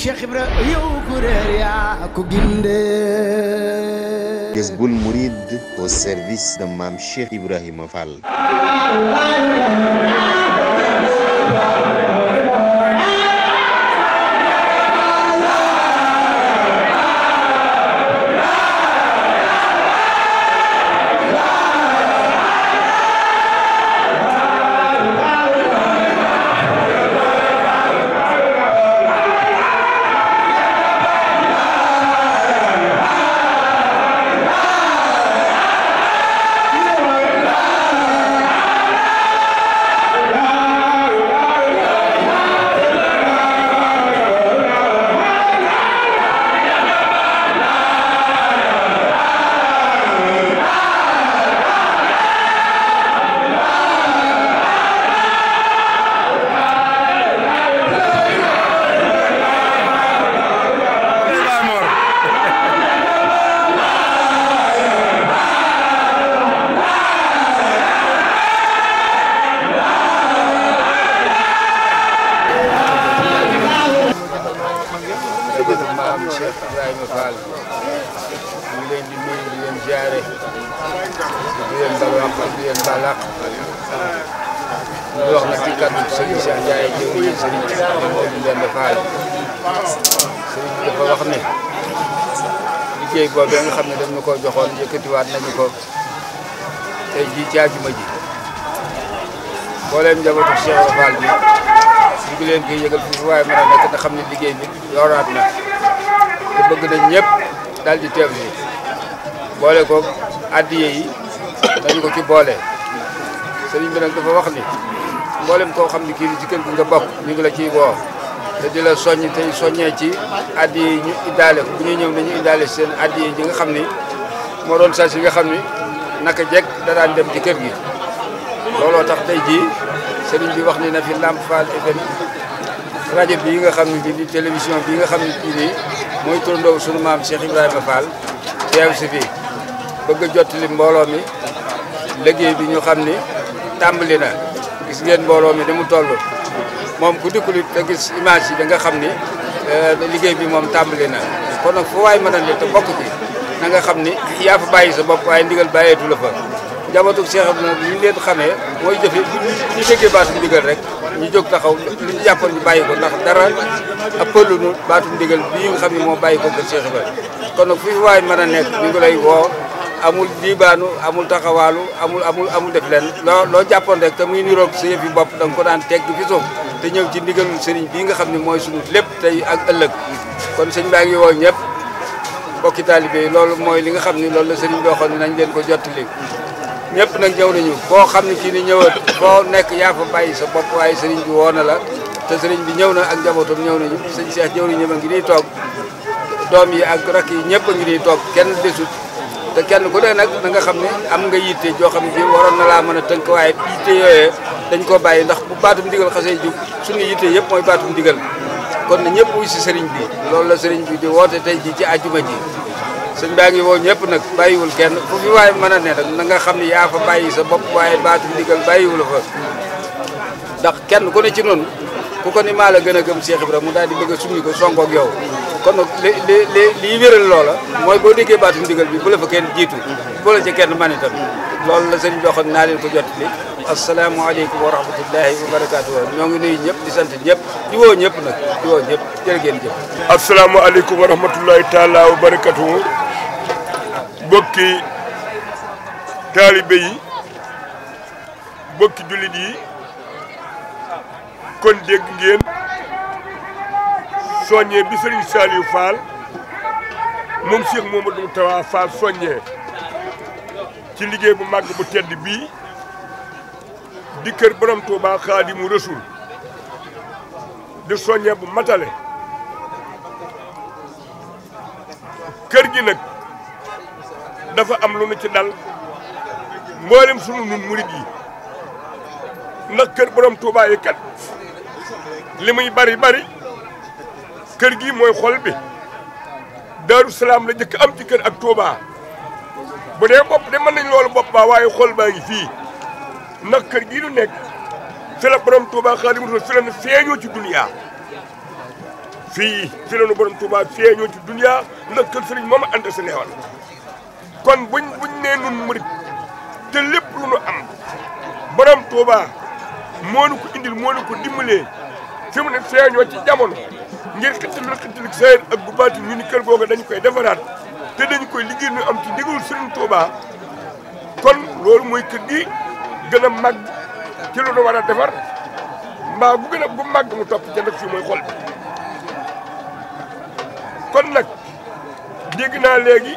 Cheikh Ibra yow ku réer yaa ko gindee. Jazboul Mouride au service de Mame Cheikh Ibrahima Fall. dëgg maam Cheikh Ibrahima Fall ñu ngi leen di nuyu di leen jaare di leen balaax di leen balaax ñu wax na ci kàddu sëriñ Cheikh Ndiaye jëwriñ sëriñ Modou Mbende Fall sëriñ bi dafa wax ne liggéey boobu nga xam ne dañ ñu ko joxoon yëkkatiwaat nañu ko tey jii ci àjjuma ji booleem njabootu Cheikh Fall bi ñu ngi leen koy yëgal fi waaye mën a nga xam ne liggéey bi yoraat na te bëgg nañ ñëpp daal di teew si boole ko addiye yi dañu ko ci boole sëriñ bi nag dafa wax ni mboolem koo xam ne kii ci kër gi nga bokk ñu ngi la ciy woo te di la soññ tey soññee ci addiye yi ñu indaale ko bu ñuy ñëw nañu indaale seen addiye yi nga xam ni moo doon saa si nga xam ni naka jekk da daan dem ci kër gi looloo tax tey jii. sëriñ bi wax ni na fi Lamp Fall FM rajo bii nga xam ne bii di télévision bii nga xam ne bii nii mooy turandoo sunu maam Cheikh Ibrahima Fall teew si fii bëgg a jottali mbooloo mi liggéey bi ñu xam ni tàmbali na gis ngeen mbooloo mi damu toll moom ku dikkulit te gis image yi da nga xam ni eh, liggéey bi moom tàmbali na kon nag fu waay mën a te bokk ci na nga xam ni yaa fa bàyyi sa bopp waaye ndigal bàyyeetu la fa njabootu Cheikh Abdou nag li leen xamee mooy jëfe bu ñu déggee baatu ndigal rek ñu jóg taxaw li ñu jàppoon ñu bàyyi ko dara appalu nu baatu ndigal bii nga xam ne moo bàyyi ko kër Cheikh Ibrahima kon nag fii waay mën a nekk ñu woo amul diibaanu amul taxawaalu amul amul amul def leen loo loo jàppoon rek te muy niroog sa yëf yi bopp da ko daan teg fi suuf te ñëw ci ndigalul sëriñ bii nga xam ne mooy suñu lépp tey ak ëllëg kon sëñ baa ngi woo ñëpp bokki taalibe yi loolu mooy li nga xam ni loolu la sëriñ bi waxoon nañ leen ko jottali ñëpp nag ñëw nañu koo xam ne kii ni ñëwaat boo nekk yaa fa bàyyi sa bopp waaye sëriñ bi woo la te sëriñ bi ñëw na ak njabootam ñëw nañu sëñ Cheikh ñëw nañu ñëpp a ngi nii toog doom yi ak rak yi ñëpp a ngi nii toog kenn desut te kenn ku ne nag na nga xam ne am nga yitte joo xam ne bii waroon na laa mën a tënk waaye yitte yooyee dañ ko bàyyi ndax bu baatum digal xasee jub suñu yitte yëpp mooy baatum digal kon na ñëpp wuy si sëriñ bi loolu la sëriñ bi di woote tey ji ci àjjuma ji sëñ baa ngi woo ñëpp nag bàyyiwul kenn fu fi waaye mën a ne nag na xam ne yaa fa bàyyi sa bopp waaye baatu ndigal bàyyiwul fa ndax kenn ku ne ci noonu ku ko ni maa la gën a gëm Cheikh Ibrahima mu daal di bëgg a summi ko songoog yow kon nag li li li liy loola mooy boo déggee baatu ndigal bi bu la fa kenn jiitu bu la ci kenn man itam loolu la sëñ joxoon naa leen ko jot li asalaamaaleykum wa rahmatullahi wa barakaatu ñoo ngi nuyu ñëpp di sant ñëpp di woo ñëpp nag di woo ñëpp jërë ngeen jëf asalaamaaleykum wa rahmatullahi taala wa bokki taalibe yi bokki julit yi kon dégg ngeen soññee bi Serigne Saliou Fall moom Cheikh momadou tawa Fall soññee ci liggéey bu mag bu tedd bi di kër borom Touba Xaadimu rasoul di soññee bu matalé kër gi nak dafa am lu nu ci dal mboolem sunu nun murit yi ndax kër borom Touba yi kat li muy bari bari kër gi mooy xol bi Daaru Salaam la jëkk am ci kër ak Touba bu dee bopp de mën nañ loolu bopp baa waaye xol baa ngi fii ndax kër gii nu nekk fi la borom Touba Xaadimu Rasuul fi la nu feeñoo ci duniyaa fii fi la nu borom Touba feeñoo ci duniyaa ndax kër sëriñ mooma ànd sa neewal kon buñ buñ nee nun murit te lépp lu nu am borom Touba moo nu ko indi moo nu ko dimbalee fi mu ne feeñoo ci jamono ngir xëttalu xëttalu sayar ak bu baatu ñu ni kër googu dañu koy defaraat te dañu koy liggéey ñu am ci digul Sëriñ Touba kon loolu mooy kër gi gën a mag ci lu nu war a defar mbaa bu gën a bu màgg mu topp ca nag fii mooy xol kon nag dégg naa léegi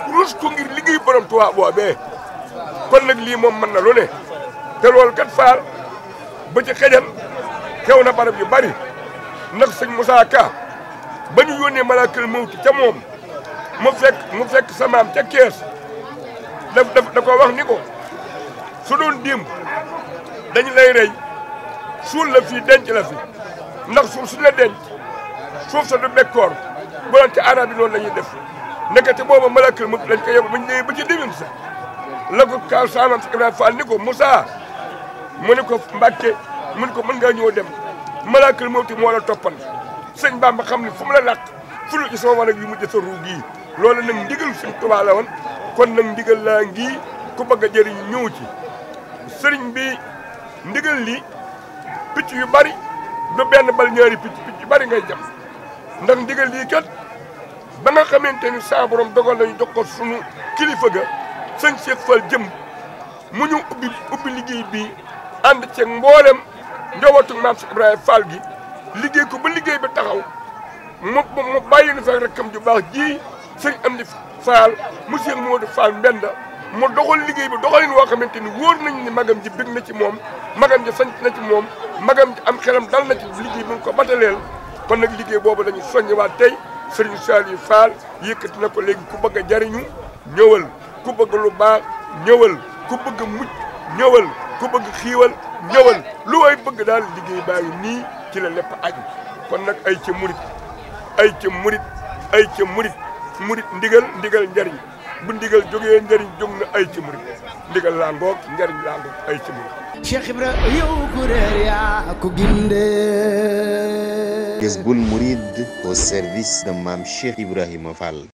ruus ko liggéey borom Tuubaa boobee kon nag lii moom mën na lu te lool kat faal ba ci xejal xew na barab yu bari ndax sëñ Moussa Ka ba ñu yónnee malaakal mawti ca moom mu fekk mu fekk samaam ca kees da da ko wax ni ko su doon démb dañu lay rey suul la fii denc la fi ndax suuf su la denc suuf sa du bekkoor bu doon ca arab yi noonu la def nekati bobu malakul mu lañ ko yóbbu bañ ñëwee ba ci dimim sa la ko kaaw saamam sa Ibrahima Fall ni ko Moussa mu ne ko Mbàkke mu ne ko mën ngaa ñëw dem malakul mawti mo la topal señ Bamba xam fu mu la lak fu lu ci so wala yu mujj so ruu gii loolu ndigal señ tuba la won kon nak ndigal la ngi ku bëgg jëri ñëw ci señ bi ndigal li picc yu bari du ben bal ñëri picc picc yu bari ngay jëm ndax ndigal li kat ba nga xamante ni saa borom dogal nañu jox ko sunu kilifa ga sëñ Cheikh Fall jëm mu ñu ubbi ubbi liggéey bi ànd ceeg mboolem njabootu maam si Ibrahima Fall gi liggéey ko ba liggéey bi taxaw mu mu bàyyi na fa rakkam ju baax ji sëñ am mu Fall monsieur Modou Fall Mbenda mu doxol liggéey bi doxalin woo xamante ni wóor nañ ni magam ji bég na ci moom magam ji sant na ci moom magam ji am xelam dal na ci liggéey bi mu ko bataleel kon nag liggéey boobu la ñu tey. Serigne Saliou Fall yëkkati na ko léegi ku bëgg a jariñu ñëwal ku bëgg lu baax ñëwal ku bëgg mucc ñëwal ku bëgg xiiwal ñëwal lu bëgg daal liggéey baa nii ci la lépp aju kon nag ay ca murit ay ca murit ay ca murit ndigal ndigal njariñ bu ndigal jógee njariñ jóg na ay ca murit ndigal laa ngoog njariñ laa ngoog ay murit Cheikh Ibra yow ku réer ko gindee Jazboul Mouride au service de Mame Cheikh Ibrahima Fall